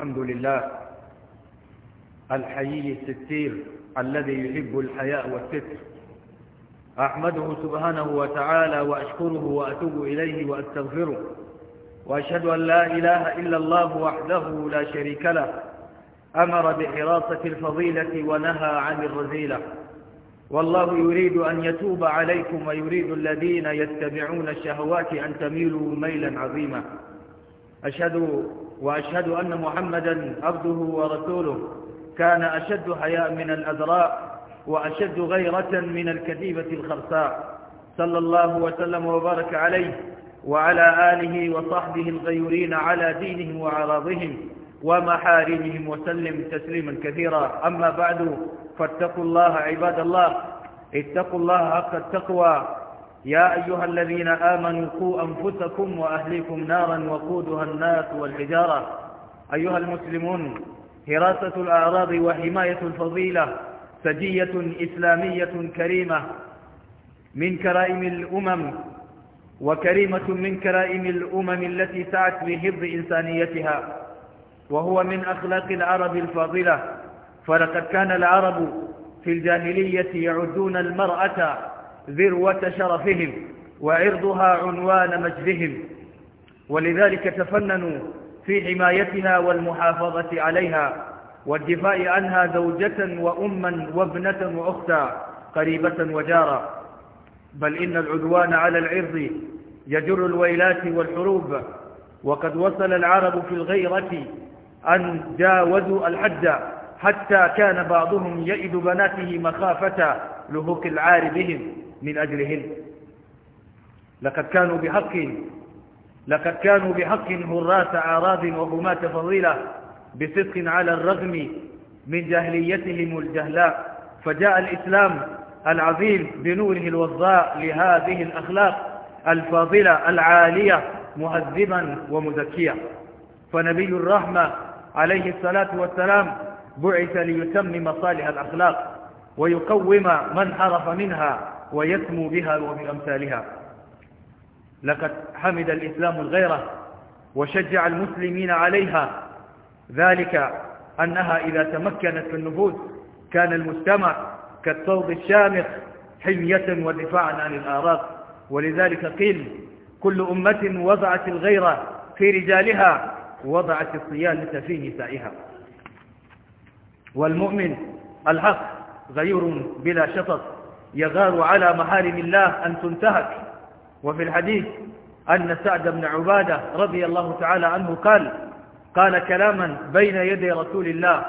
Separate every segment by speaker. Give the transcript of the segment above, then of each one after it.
Speaker 1: الحمد لله الحيي الستير الذي يحب الحياء والستر أحمده سبحانه وتعالى وأشكره وأتوب إليه وأستغفره وأشهد أن لا إله إلا الله وحده لا شريك له أمر بحراسة الفضيلة ونهى عن الرذيلة والله يريد أن يتوب عليكم ويريد الذين يتبعون الشهوات أن تميلوا ميلا عظيما أشهد وأشهد أن محمدا عبده ورسوله كان أشد حياء من الأذراء وأشد غيرة من الكذيبة الخرساء صلى الله وسلم وبارك عليه وعلى آله وصحبه الغيورين على دينهم وعراضهم ومحارمهم وسلم تسليما كثيرا أما بعد فاتقوا الله عباد الله اتقوا الله حق التقوى يا أيها الذين آمنوا قوا أنفسكم وأهليكم نارا وقودها الناس والحجارة أيها المسلمون هراسة الأعراض وحماية الفضيلة سجية إسلامية كريمة من كرائم الأمم وكريمة من كرائم الأمم التي سعت لحفظ إنسانيتها وهو من أخلاق العرب الفاضلة فلقد كان العرب في الجاهلية يعدون المرأة ذروة شرفهم وعرضها عنوان مجدهم ولذلك تفننوا في حمايتها والمحافظة عليها والدفاع عنها زوجة وأما وابنة وأختا قريبة وجارة بل إن العدوان على العرض يجر الويلات والحروب وقد وصل العرب في الغيرة أن جاوزوا الحد حتى كان بعضهم يئد بناته مخافة لهوك العار بهم من أجلهن لقد كانوا بحق لقد كانوا بحق هراة أعراض وهماة فضيلة بصدق على الرغم من جهليتهم الجهلاء فجاء الإسلام العظيم بنوره الوضاء لهذه الأخلاق الفاضلة العالية مهذبا ومزكيا فنبي الرحمة عليه الصلاة والسلام بعث ليتمم صالح الأخلاق ويقوم من حرف منها ويسمو بها وبأمثالها لقد حمد الإسلام الغيرة وشجع المسلمين عليها ذلك أنها إذا تمكنت في النفوس كان المجتمع كالصوت الشامخ حمية ودفاعا عن الآراء ولذلك قيل كل أمة وضعت الغيرة في رجالها وضعت الصيانة في نسائها والمؤمن الحق غير بلا شطط يغار على محارم الله أن تنتهك وفي الحديث أن سعد بن عبادة رضي الله تعالى عنه قال قال كلاما بين يدي رسول الله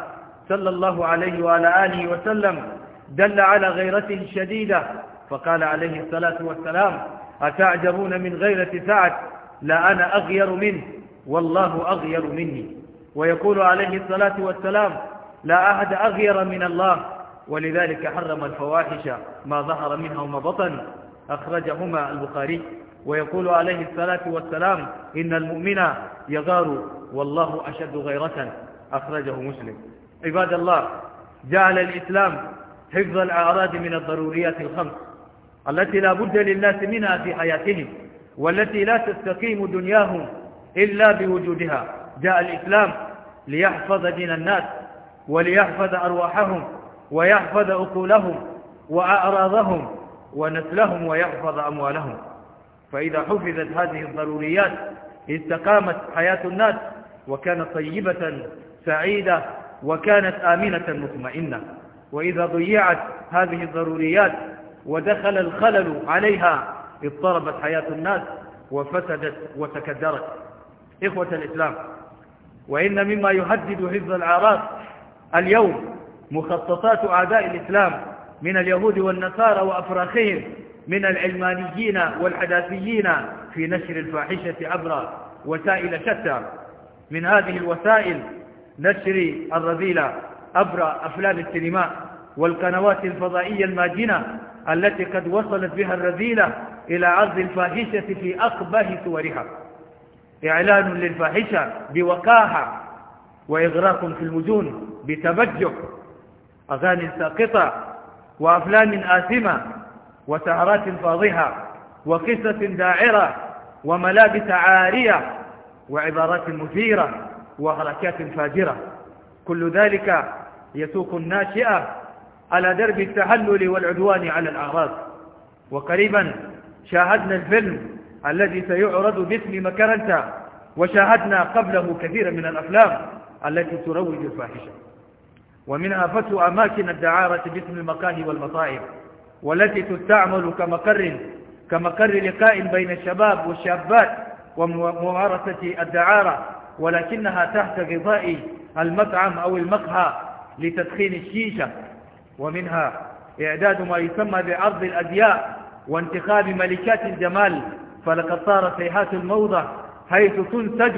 Speaker 1: صلى الله عليه وعلى آله وسلم دل على غيرة شديدة فقال عليه الصلاة والسلام أتعجبون من غيرة سعد لا أنا أغير منه والله أغير مني ويقول عليه الصلاة والسلام لا أحد أغير من الله ولذلك حرم الفواحش ما ظهر منها وما بطن أخرجهما البخاري ويقول عليه الصلاة والسلام إن المؤمن يغار والله أشد غيرة أخرجه مسلم عباد الله جعل الإسلام حفظ الأعراض من الضروريات الخمس التي لا بد للناس منها في حياتهم والتي لا تستقيم دنياهم إلا بوجودها جاء الإسلام ليحفظ دين الناس وليحفظ أرواحهم ويحفظ أكلهم وأعراضهم ونسلهم ويحفظ أموالهم فإذا حفظت هذه الضروريات استقامت حياة الناس وكانت طيبة سعيدة وكانت آمنة مطمئنة وإذا ضيعت هذه الضروريات ودخل الخلل عليها اضطربت حياة الناس وفسدت وتكدرت إخوة الإسلام وإن مما يهدد حفظ العراق اليوم مخططات أعداء الإسلام من اليهود والنصارى وأفراخهم من العلمانيين والحداثيين في نشر الفاحشة عبر وسائل شتى من هذه الوسائل نشر الرذيلة عبر أفلام السينما والقنوات الفضائية الماجنة التي قد وصلت بها الرذيلة إلى عرض الفاحشة في أقبه صورها إعلان للفاحشة بوقاحة وإغراق في المجون بتبجح أغاني ساقطة وأفلام آثمة وسهرات فاضحة وقصة داعرة وملابس عارية وعبارات مثيرة وحركات فاجرة كل ذلك يسوق الناشئة على درب التحلل والعدوان على الأعراض وقريبا شاهدنا الفيلم الذي سيعرض باسم مكرنتا وشاهدنا قبله كثيرا من الأفلام التي تروج الفاحشة ومنها فتو أماكن الدعارة باسم المقاهي والمطاعم والتي تستعمل كمقر كمقر لقاء بين الشباب والشابات وممارسة الدعارة ولكنها تحت غطاء المطعم أو المقهى لتدخين الشيشة ومنها إعداد ما يسمى بعرض الأزياء وانتخاب ملكات الجمال فلقد صار سيحات الموضة حيث تنتج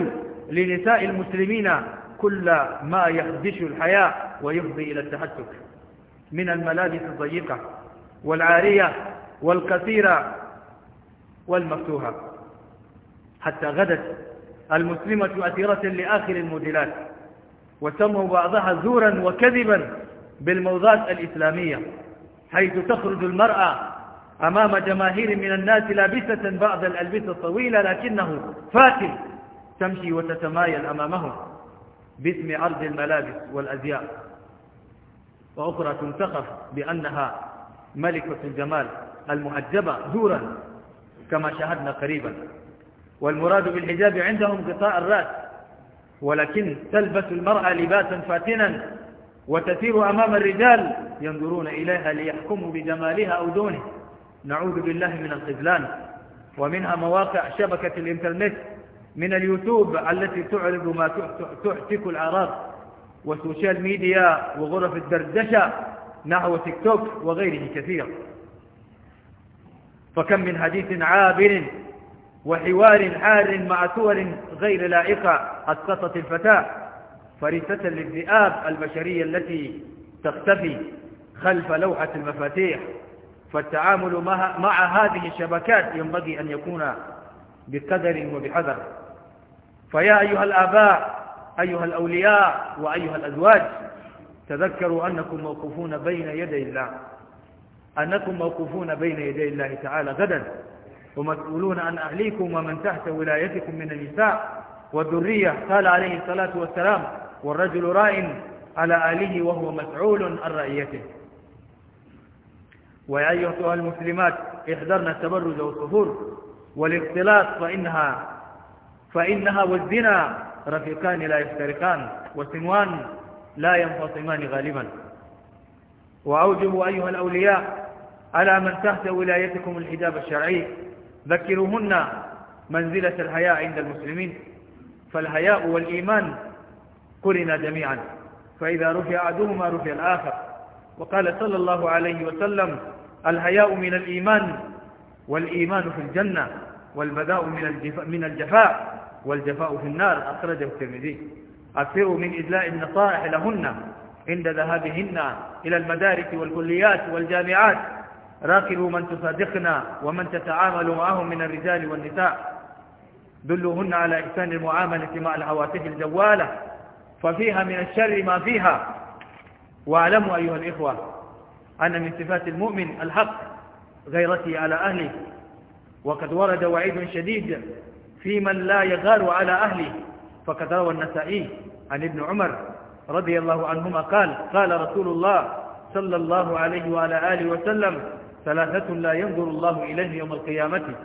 Speaker 1: لنساء المسلمين كل ما يخدش الحياة ويفضي إلى التهتك من الملابس الضيقة والعارية والكثيرة والمفتوحة حتى غدت المسلمة أثيرة لآخر الموديلات وسموا بعضها زورا وكذبا بالموضات الإسلامية حيث تخرج المرأة أمام جماهير من الناس لابسة بعض الألبسة الطويلة لكنه فاتن تمشي وتتمايل أمامهم باسم عرض الملابس والأزياء وأخرى تنتقف بأنها ملكة الجمال المحجبة دورا كما شاهدنا قريبا والمراد بالحجاب عندهم غطاء الرأس ولكن تلبس المرأة لباسا فاتنا وتسير أمام الرجال ينظرون إليها ليحكموا بجمالها أو دونه نعوذ بالله من الخذلان ومنها مواقع شبكة الإنترنت من اليوتيوب التي تعرض ما تحتك العرب والسوشيال ميديا وغرف الدردشة نحو تيك توك وغيره كثير فكم من حديث عابر وحوار حار مع صور غير لائقة أسقطت الفتاة فريسة للذئاب البشرية التي تختفي خلف لوحة المفاتيح فالتعامل مع هذه الشبكات ينبغي أن يكون بقدر وبحذر فيا أيها الآباء أيها الأولياء وأيها الأزواج تذكروا أنكم موقوفون بين يدي الله أنكم موقوفون بين يدي الله تعالى غدا ومسؤولون عن أهليكم ومن تحت ولايتكم من النساء والذرية قال عليه الصلاة والسلام والرجل رائن على آله وهو مسعول عن رأيته ويا أيها المسلمات احذرنا التبرج والصفور والاختلاط فإنها فإنها والزنا رفيقان لا يفترقان وسنوان لا ينفصمان غالبا وأوجب أيها الأولياء على من تحت ولايتكم الحجاب الشرعي ذكروهن منزلة الحياء عند المسلمين فالحياء والإيمان قرنا جميعا فإذا رفع أحدهما رفع الآخر وقال صلى الله عليه وسلم الحياء من الإيمان والإيمان في الجنة والبداء من الجفاء, من الجفاء والجفاء في النار أخرجه الترمذي أكثر من إدلاء النصائح لهن عند ذهابهن إلى المدارس والكليات والجامعات راقبوا من تصادقن ومن تتعامل معهم من الرجال والنساء دلوهن على إحسان المعاملة مع الهواتف الجوالة ففيها من الشر ما فيها واعلموا أيها الإخوة أن من صفات المؤمن الحق غيرته على أهله وقد ورد وعيد شديد في من لا يغار على أهله فقد روى النسائي عن ابن عمر رضي الله عنهما قال قال رسول الله صلى الله عليه وعلى آله وسلم ثلاثة لا ينظر الله إليه يوم القيامة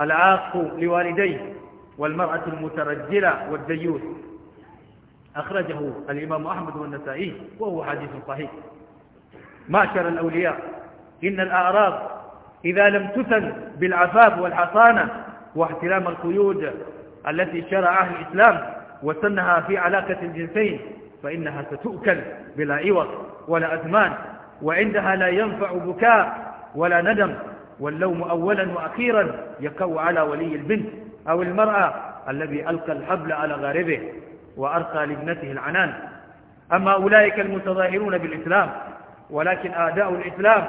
Speaker 1: العاق لوالديه والمرأة المترجلة والديوث أخرجه الإمام أحمد والنسائي وهو حديث صحيح معشر الأولياء إن الأعراض إذا لم تثن بالعفاف والحصانة واحترام القيود التي شرع أهل الإسلام وسنها في علاقة الجنسين فإنها ستؤكل بلا عوض ولا أثمان وعندها لا ينفع بكاء ولا ندم واللوم أولا وأخيرا يقو على ولي البنت أو المرأة الذي ألقى الحبل على غاربه وأرقى لابنته العنان أما أولئك المتظاهرون بالإسلام ولكن أعداء الإسلام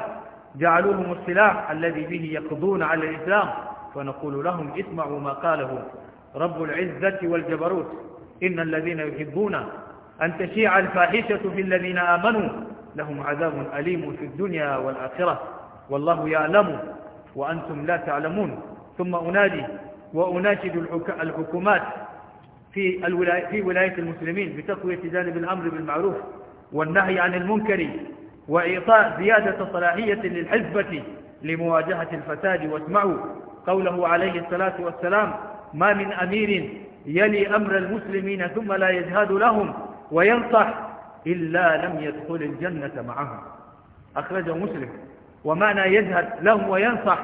Speaker 1: جعلوهم السلاح الذي به يقضون على الإسلام فنقول لهم اسمعوا ما قاله رب العزة والجبروت إن الذين يحبون أن تشيع الفاحشة في الذين آمنوا لهم عذاب أليم في الدنيا والآخرة والله يعلم وأنتم لا تعلمون ثم أنادي وأناشد الحكومات في الولاية في ولاية المسلمين بتقوية جانب الأمر بالمعروف والنهي عن المنكر وإعطاء زيادة صلاحية للحزبة لمواجهة الفساد واسمعوا قوله عليه الصلاة والسلام ما من أمير يلي أمر المسلمين ثم لا يجهاد لهم وينصح إلا لم يدخل الجنة معهم أخرجه مسلم ومعنى يجهد لهم وينصح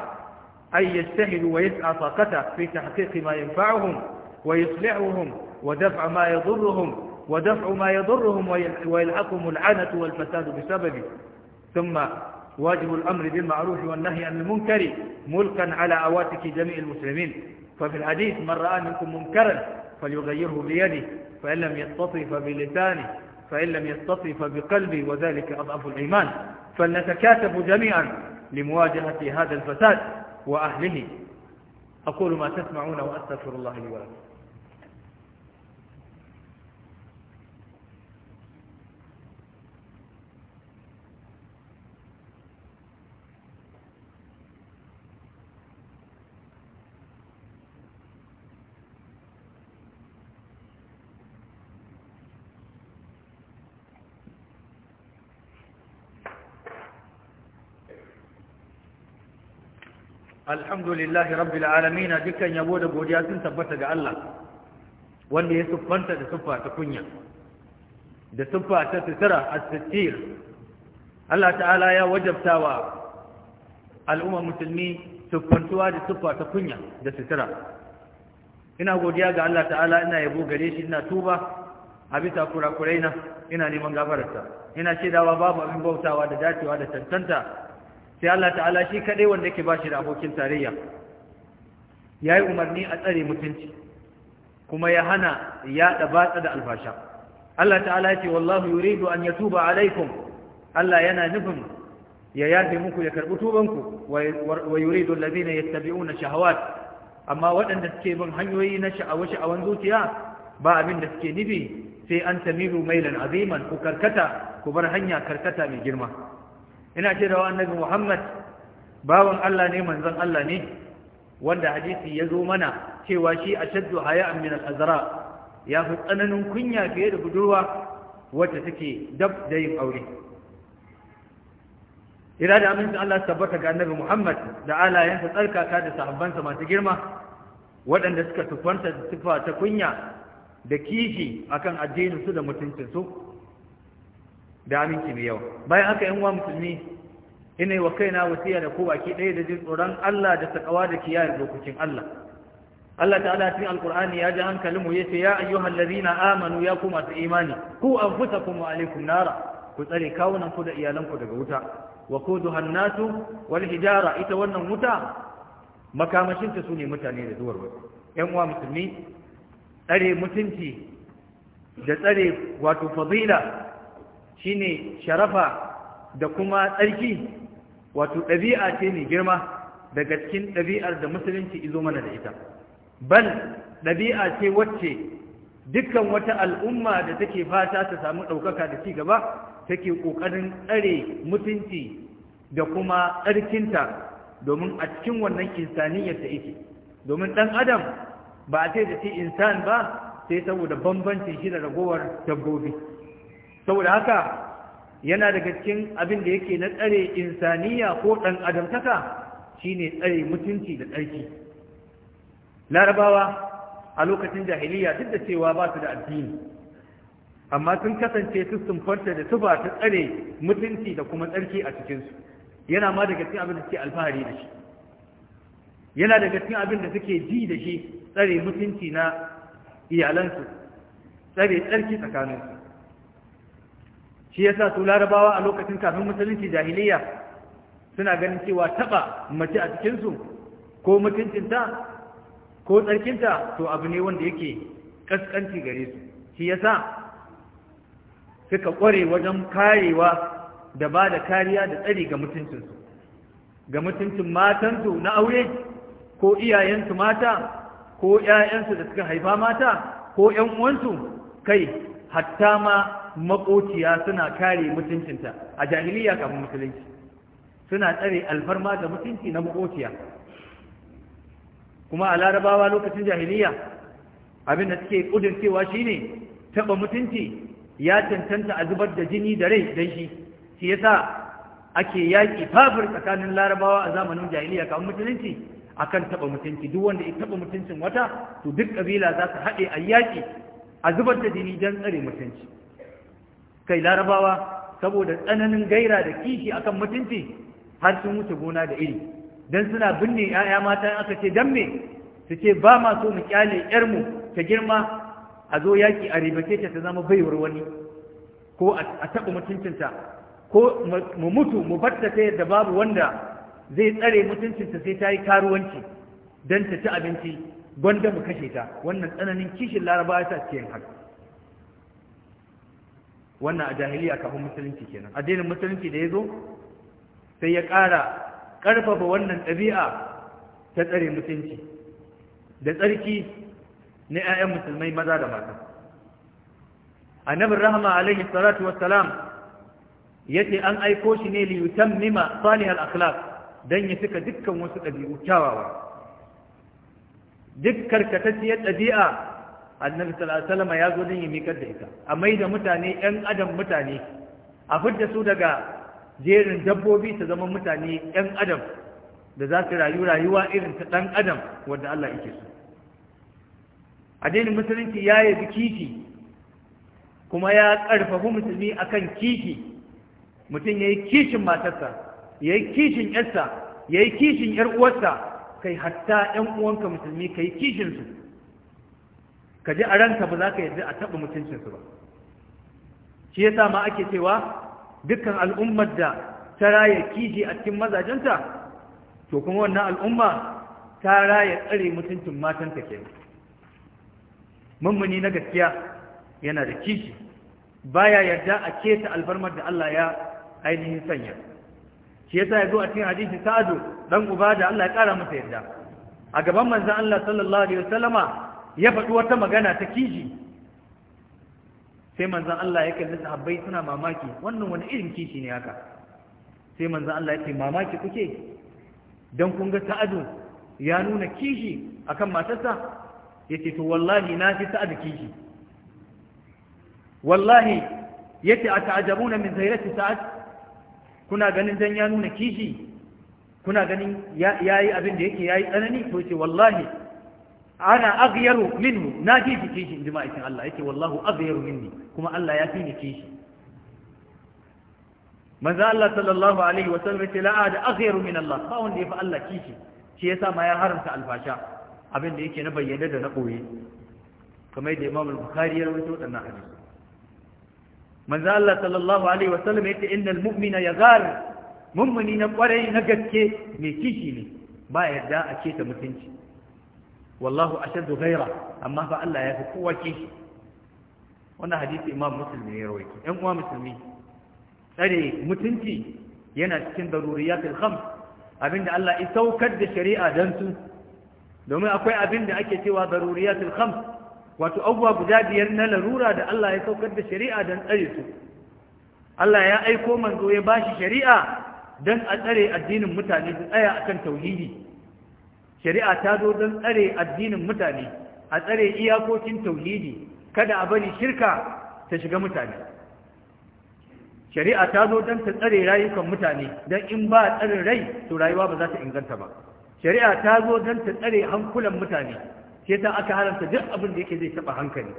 Speaker 1: أن يجتهدوا ويسعى طاقته في تحقيق ما ينفعهم ويصلحهم ودفع ما يضرهم ودفع ما يضرهم ويلحقهم العنة والفساد بسببه ثم واجب الأمر بالمعروف والنهي عن المنكر ملكا على عواتق جميع المسلمين ففي الحديث من رأى منكم منكرا فليغيره بيده فإن لم يستطع فبلسانه فإن لم يستطع فبقلبه وذلك أضعف الإيمان فلنتكاتف جميعا لمواجهة هذا الفساد وأهله أقول ما تسمعون وأستغفر الله لي ولكم alhamdulillahi rabbil alamin dukkan yabo da godiya sun tabbata ga Allah wanda ya siffanta da siffa ta kunya da siffa ta tsira as-sittir Allah ta'ala ya wajabtawa al'umma musulmi siffantuwa da siffa ta kunya da tsira ina godiya ga Allah ta'ala ina yabo gare shi ina tuba a bisa kurakuraina ina neman gafararsa ina shaidawa babu abin bautawa da dacewa da tantanta sai Allah ta'ala shi kadai wanda yake bashi da abokin tarayya ya yi umarni a tsare mutunci kuma ya hana yaɗa batsa da albasha. Allah ta'ala ya ce wallahu yuridu an yatuba alaikum Allah yana nufin ya yafe muku ya karɓi tubanku wa yuridu allazina yattabi'una shahawat amma waɗanda suke bin hanyoyi na sha'awa-sha'awan zuciya ba abin da suke nufi sai an tamiru mailan aziman ku karkata ku bar hanya karkata mai girma ina ce da annabi Muhammad bawan Allah ne manzon Allah ne wanda hadisi ya zo mana cewa shi ashaddu haya'an min al-azra ya fi tsananin kunya fiye da budurwa wacce take dab da yin aure ira da amincin Allah tabbata ga annabi Muhammad da alayansa tsarkaka da sahabbansa masu girma waɗanda suka tufanta da tufa ta kunya da kishi akan addinin su da mutuncin su da aminci mai yawa bayan haka yan uwa musulmi ina wa kaina wasiya da ku baki ɗaya da jin tsoron Allah da takawa da kiyaye dokokin Allah Allah ta'ala cikin alqur'ani ya ji hankalin mu yace ya ayyuhal ladina amanu ya ku masu imani ku anfusakum wa alaikum nara ku tsare kawunan ku da iyalan ku daga wuta wa kuduha an-nasu wal hijara ita wannan wuta makamashin ta sune mutane da duwar yan uwa musulmi tsare mutunci da tsare wato fadila shine sharafa da kuma tsarki wato ɗabi'a ce ne girma daga cikin ɗabi'ar da musulunci izo mana da ita bal ɗabi'a ce wacce dukkan wata al'umma da take fata ta samu ɗaukaka da ci gaba take ƙoƙarin tsare mutunci da kuma tsarkinta domin a cikin wannan insaniyar ta ike domin ɗan adam ba a ce da ce insan ba sai saboda bambancin shi da ragowar dabbobi saboda haka yana daga cikin abin da yake na tsare insaniya ko ɗan adamtaka shine tsare mutunci da tsarki larabawa a lokacin jahiliya duk da cewa ba su da addini amma sun kasance su sumfarta da tufa ta tsare mutunci da kuma tsarki a cikinsu yana ma daga cikin abin da suke alfahari da shi yana daga cikin abin da suke ji da shi tsare mutunci na iyalansu tsare tsarki tsakaninsu shi yasa su larabawa a lokacin kafin musulunci jahiliya suna ganin cewa taba mace a cikinsu ko mutuncinta ko tsarkinta to abu ne wanda yake kaskanci gare su shi yasa suka kware wajen karewa da ba da kariya da tsari ga mutuncinsu ga mutuncin matansu na aure ko iyayensu mata ko 'ya'yansu da suka haifa mata ko 'yan uwansu kai hatta ma makociya suna kare mutuncinta a jahiliya kafin musulunci suna tsare alfarma da mutunci na makociya kuma a larabawa lokacin jahiliya abin da suke shi ne, taba mutunci ya cancanta a zubar da jini da rai don shi shi yasa ake yaƙi fafir tsakanin larabawa a zamanin jahiliya kafin musulunci akan taba mutunci duk wanda ya taba mutuncin wata to duk ƙabila za su haɗe a yaƙi a zubar da jini don tsare mutunci kai larabawa saboda tsananin gaira da kishi akan mutunci har sun wuce gona da iri dan suna binne 'ya'ya mata aka ce dan me su ce ba ma so mu kyale yarmu ta girma a zo yaki a ribace ta zama baiwar wani ko a taɓa mutuncinta ko mu mutu mu batta ta yadda babu wanda zai tsare mutuncinta sai ta yi karuwanci don ta ci abinci gwanda mu kashe ta wannan tsananin kishin larabawa ta cikin haka wannan a jahiliya kafin musulunci kenan addinin musulunci da ya zo sai ya ƙara ƙarfafa wannan ɗabi'a ta tsare musulunci da tsarki na 'ya'yan musulmai maza da mata annabin rahama alaihi salatu wassalam ya ce an aiko shi ne liyutan mima salihar akhlaq don ya cika dukkan wasu ɗabi'u kyawawa duk karkatacciyar ɗabi'a annabi sallallahu alaihi ya zo din ya mikar da ita a mai da mutane ɗan adam mutane a fidda su daga jerin dabbobi ta zama mutane ɗan adam da za su rayu rayuwa irin ta ɗan adam wanda Allah yake so addinin musulunci ya yabi kifi kuma ya ƙarfafi musulmi akan kifi. mutum ya yi kishin matarsa ya yi kishin yarsa ya yi kishin yar uwarsa kai hatta 'yan uwanka musulmi kai kishin su. ka ji a ranka ba za ka yadda a taɓa mutuncinsu ba shi yasa ma ake cewa dukkan al'ummar da ta raya kishi a cikin mazajenta to kuma wannan al'umma ta raya tsare mutuncin matanta ke mummuni na gaskiya yana da kishi baya yarda a keta albarmar da Allah ya ainihin sanya shi yasa ya zo a cikin hadisi sa'adu dan uba da Allah ya kara masa yarda a gaban manzon Allah sallallahu alaihi wasallama ya faɗi wata magana ta kiji sai manzan Allah ya kalli sahabbai suna mamaki wannan wani irin kishi ne haka sai manzan Allah ya ce mamaki kuke don kun ga sa'adu ya nuna kishi akan matarsa ya ce to wallahi na fi sa'adu kishi wallahi ya ce a ta'ajabuna min zairati sa'ad kuna ganin dan ya nuna kishi kuna ganin ya yi abin da yake ya yi tsanani to ce wallahi ana aghyaru minhu na ji shi kishi inji ma'aikin Allah yake wallahu min ni kuma Allah ya fi ni kishi manzo Allah sallallahu alaihi wa sallam yace la ada aghyaru min Allah ba wanda ya fi Allah kishi shi yasa ma ya haramta alfasha abin da yake na bayyana da na koye kamar yadda Imam al-Bukhari ya rawaito wannan hadisi manzo Allah sallallahu alaihi wa sallam yace innal mu'mina yaghar mu'mini na kwarai na gaske mai kishi ne ba yadda a ce ta mutunci wallahu ashaddu ghaira amma fa Allah ya fi kowa kishi wannan hadisi imam muslim ne ya rawaito ɗan uwa musulmi tsare mutunci yana cikin al khams abinda Allah ya saukar da shari'a dan su domin akwai abinda ake cewa al khams wato abubuwa guda biyar na larura da Allah ya saukar da shari'a dan tsare su Allah ya aiko manzo ya bashi shari'a dan a tsare addinin mutane su tsaya akan tauhidi shari'a ta zo don tsare addinin mutane a tsare iyakokin tauhidi kada a bari shirka ta shiga mutane shari'a ta zo don ta tsare rayukan mutane don in ba a tsarin rai to rayuwa ba za ta inganta ba shari'a ta zo don ta tsare hankulan mutane sai ta aka haramta duk abin da yake zai taɓa hankali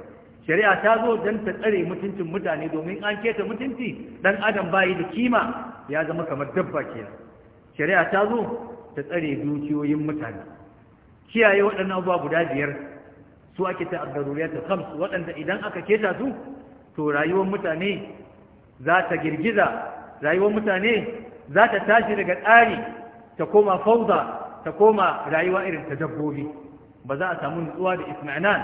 Speaker 1: shari'a ta zo don ta tsare mutuncin mutane domin an keta mutunci dan adam bayi da kima ya zama kamar dabba kenan shari'a ta zo ta tsare dukiyoyin mutane kiyaye waɗannan abubuwa guda biyar su ake ta abdaruriyar ta kams waɗanda idan aka keta su to rayuwar mutane za ta girgiza rayuwar mutane za ta tashi daga tsari ta koma fauza ta koma rayuwa irin ta dabbobi ba za a samu nutsuwa da isma'anan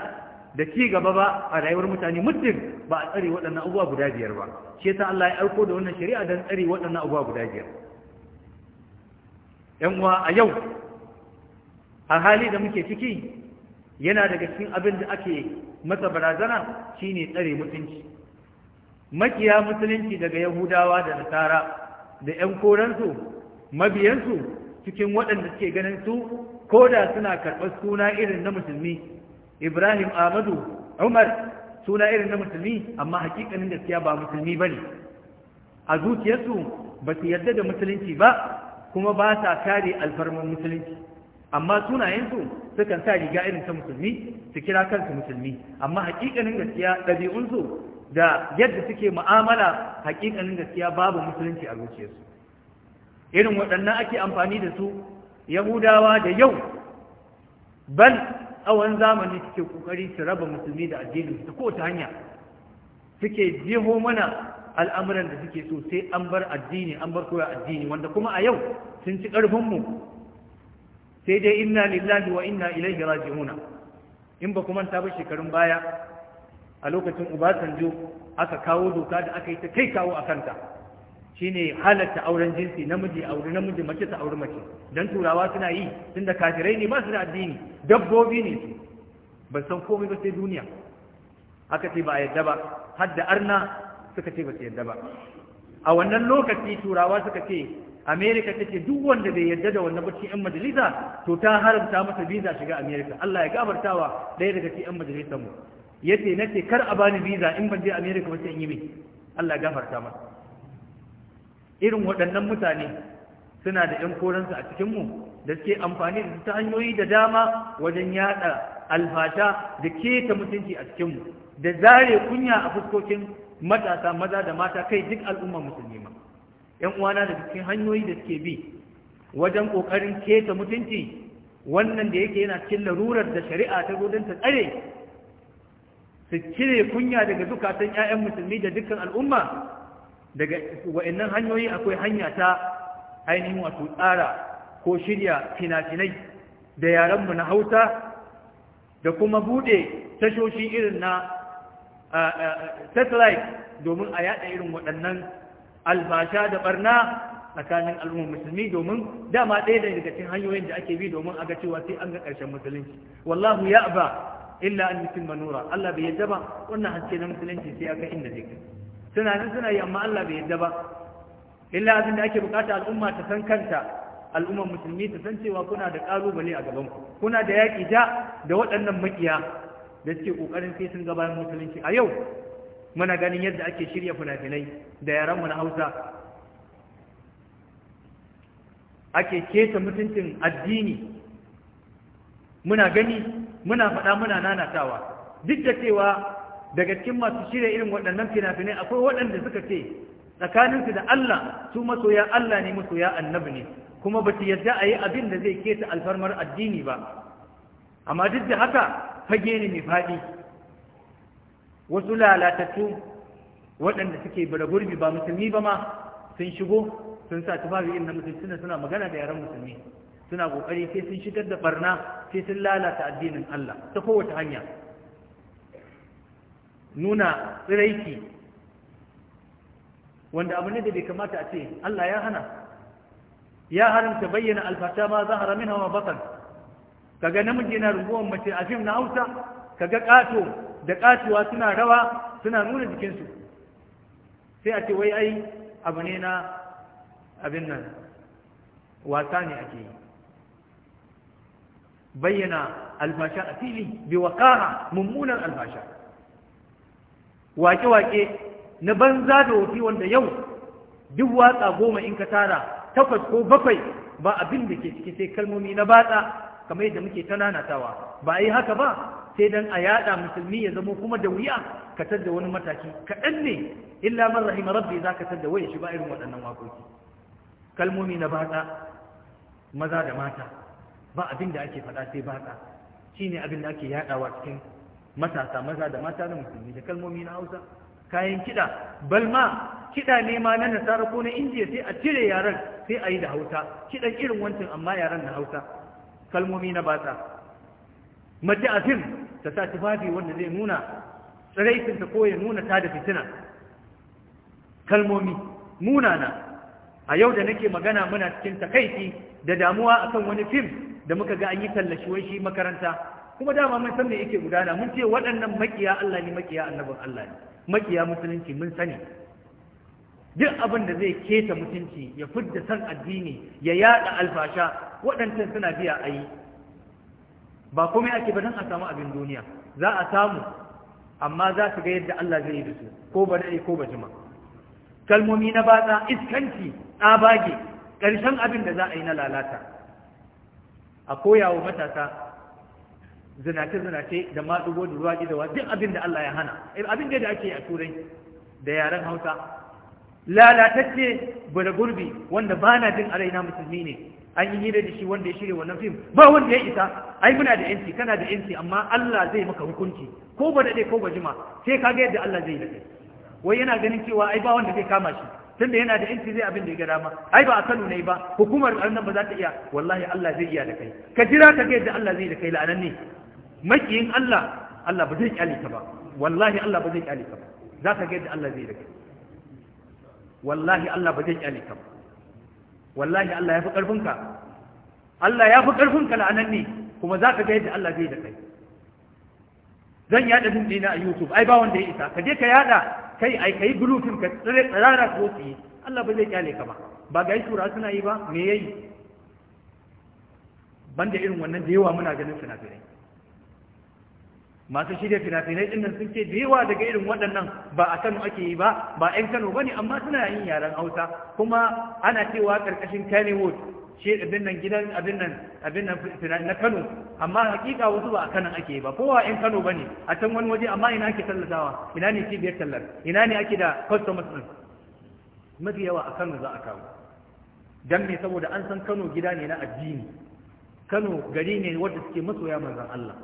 Speaker 1: da ci gaba ba a rayuwar mutane mutum ba a tsare waɗannan abubuwa guda biyar ba shi sa Allah ya aiko da wannan shari'a don tsare waɗannan abubuwa guda biyar Yanwa uwa a yau a hali da muke ciki yana daga cikin abin da ake masa barazana shine tsare mutunci makiya musulunci daga yahudawa da nasara da 'yan koransu mabiyansu cikin waɗanda suke ganin su ko da suna karɓar suna irin na musulmi ibrahim ahmadu umar suna irin na musulmi amma hakikanin gaskiya ba musulmi ba ne a zuciyarsu ba su yarda da musulunci ba kuma ba sa kare alfarman musulunci amma sunayensu sukan sa riga irin ta musulmi su kira kansu musulmi amma hakikanin gaskiya ɗabi'unsu da yadda suke mu'amala hakikanin gaskiya babu musulunci a zuciyarsu irin waɗannan ake amfani da su yahudawa da yau ban tsawon zamani suke kokari su raba musulmi da addinin su ko ta hanya suke jeho mana al'amuran da suke so sai an bar addini an bar koya addini wanda kuma a yau sun ci ƙarfinmu sai dai inna lillahi wa inna ilaihi raji'una in ba kuma ta ba shekarun baya a lokacin ubasanjo aka kawo doka da aka yi ta kai kawo a kanta shine halatta auren jinsi namiji auri namiji mace ta auri mace dan turawa suna yi tunda kafirai ne ba su da addini dabbobi ne su ban san komai ba sai duniya aka sai ba a yadda ba har da arna suka ce ba su yadda ba a wannan lokaci turawa suka ce amerika ta ce duk wanda bai yadda da wannan bacci yan majalisa to ta haramta masa visa shiga amerika allah ya gabartawa ɗaya daga cikin yan majalisa mu ya ce na ce kar a bani visa in ban je amerika ba sai yi mai allah ya gabarta masa irin waɗannan mutane suna da yan koransu a cikinmu da suke amfani da ta hanyoyi da dama wajen yada alfata da keta mutunci a cikinmu da zare kunya a fuskokin matasa maza da mata kai duk al'umma musulmi ma yan uwana da cikin hanyoyi da suke bi wajen kokarin keta mutunci wannan da yake yana cikin larurar da shari'a ta godon ta tsare su cire kunya daga zukatan ƴaƴan musulmi da dukkan al'umma daga wa'annan hanyoyi akwai hanya ta ainihin wato tsara ko shirya fina-finai da yarenmu na hausa da kuma bude tashoshi irin na satellite domin a yada irin waɗannan albasha da barna tsakanin al'ummar musulmi domin dama ɗaya da daga cikin hanyoyin da ake bi domin a ga cewa sai an ga ƙarshen musulunci wallahu ya ba illa an mutum manura Allah bai yadda ba wannan haske na musulunci sai aka inda zai suna nan suna yi amma Allah bai yadda ba illa abin da ake bukata al'umma ta san kanta al'ummar musulmi ta san cewa kuna da ƙalubale a gaban ku kuna da yaƙi ta da waɗannan maƙiya? da suke ƙoƙarin sai sun bayan musulunci a yau muna ganin yadda ake shirya fina-finai da yaranmu na hausa ake keta mutuncin addini muna gani muna faɗa muna nanatawa duk da cewa daga cikin masu shirya irin waɗannan fina-finai akwai waɗanda suka ce tsakaninsu da Allah su masoya Allah ne masoya annabi ne kuma ba su yarda a yi abin da zai keta alfarmar addini ba amma duk da haka fage ne mai faɗi wasu lalatattu waɗanda suke bara gurbi ba musulmi ba ma sun shigo sun sa tufafi irin na musulmi suna magana da yaran musulmi suna kokari sai sun shigar da barna sai sun lalata addinin Allah ta kowace hanya nuna tsiraiki wanda abu ne da bai kamata a ce Allah ya hana ya haramta bayyana alfata ma zahara minha wa batan kaga namiji yana rungowar mace a fim na hausa kaga ƙato da ƙatuwa suna rawa suna nuna jikinsu sai a ce wai ai abu ne na abin nan wasa ne ake yi bayyana albasha a fili bi waqaha mummunan albasha wake-wake na banza da wofi wanda yau duk watsa goma in ka tara takwas ko bakwai ba abin da ke ciki sai kalmomi na batsa kamar yadda muke ta nanatawa ba yi haka ba sai don a yada musulmi ya zamo kuma da wuya ka tadda wani mataki kaɗan ne illa man rahima rabbi za ka tadda waya shi ba irin waɗannan waƙoƙi kalmomi na batsa maza da mata ba abin da ake faɗa sai batsa shine abin da ake yadawa cikin matasa maza da mata na musulmi da kalmomi na hausa kayan kiɗa balma kiɗa ne ma na nasara ko na indiya sai a cire yaren sai a yi da hausa kiɗan irin wancan amma yaren na hausa kalmomi na batsa mace azim ta sa tufafi wanda zai nuna tsiraitinta ta koya nuna ta da fitina kalmomi munana a yau da nake magana muna cikin takaici da damuwa akan wani fim da muka ga an yi tallashi wai shi makaranta kuma dama mun san me yake gudana mun ce waɗannan makiya Allah ne makiya annabin Allah ne makiya musulunci mun sani duk abin da zai keta mutunci ya fidda san addini ya yada alfasha waɗancan suna biya a yi ba komai ake ba don a samu abin duniya za a samu amma za su ga yadda Allah zai yi da su ko ba daɗe ko ba jima kalmomi na batsa iskanci tsabage ƙarshen abin da za a yi na lalata a koyawa matasa zinace-zinace da maɗugo da ruwa gidawa duk abin da Allah ya hana abin da ake a turai da yaren hausa lalatacce bada gurbi wanda ba na jin alaina musulmi ne an yi hira da shi wanda ya shirya wannan fim ba wanda ya isa ai muna da yanci kana da yanci amma Allah zai maka hukunci ko ba daɗe ko ba jima sai ka ga yadda Allah zai yi wai yana ganin cewa ai ba wanda zai kama shi tunda yana da yanci zai abin da ya ga ma, ai ba a Kano ne ba hukumar nan ba za ta iya wallahi Allah zai iya da kai ka jira ka ga yadda Allah zai yi da kai la'anan ne makiyin Allah Allah ba zai kyale ka ba wallahi Allah ba zai kyale ka ba za ka ga yadda Allah zai da kai wallahi Allah ba zai kyale ka wallahi Allah ya fi ƙarfinka ka Allah ya fi karfin la'anan ne kuma za ka ga yadda Allah zai da kai zan yada din a YouTube ai ba wanda ya isa ka je ka yada kai ai kai groupin ka tsare tsarara ko tsi Allah ba zai kyale ka ba ba ga shura suna yi ba me yayi banda irin wannan da yawa muna ganin suna gare masu shirya fina-finai ɗin nan sun ce da yawa daga irin waɗannan ba a Kano ake yi ba ba 'yan Kano ba ne amma suna yin yaren Hausa kuma ana cewa ƙarƙashin Wood shi abin nan gidan abin nan abin nan na Kano amma hakika wasu ba a Kano ake yi ba kowa 'yan Kano ba ne a can wani waje amma ina ake tallatawa ina ne cibiyar tallar ina ne ake da customers ɗin mafi yawa a Kano za a kawo Don me saboda an san Kano gida ne na addini Kano gari ne wanda suke masoya manzon Allah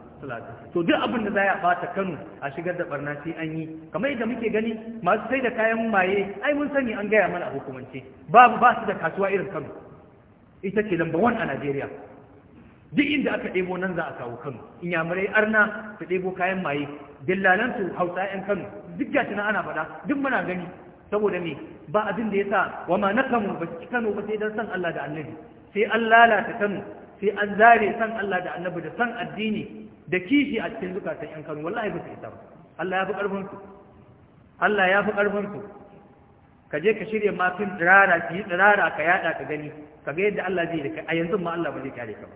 Speaker 1: to duk abin da za a bata kano a shigar da barna sai an yi kamar yadda muke gani masu sai da kayan maye ai mun sani an gaya mana a hukumance babu ba su da kasuwa irin kano ita ke lamba a najeriya duk inda aka debo nan za a kawo kano inyamurai arna su ɗebo kayan maye dillalan su hausa yan kano duk gashi na ana faɗa duk muna gani saboda me ba abin da ya sa wa ma kamu ba kano ba sai dan san Allah da annabi sai an lalata kano sai an zare san Allah da annabi da san addini da kishi a cikin zukatan yan Kano wallahi ba su isa ba Allah ya fi karfin Allah ya fi karfin ka je ka shirya mafin tsirara ki yi tsirara ka yada ka gani ka ga yadda Allah zai da kai a yanzu ma Allah ba zai kare ka ba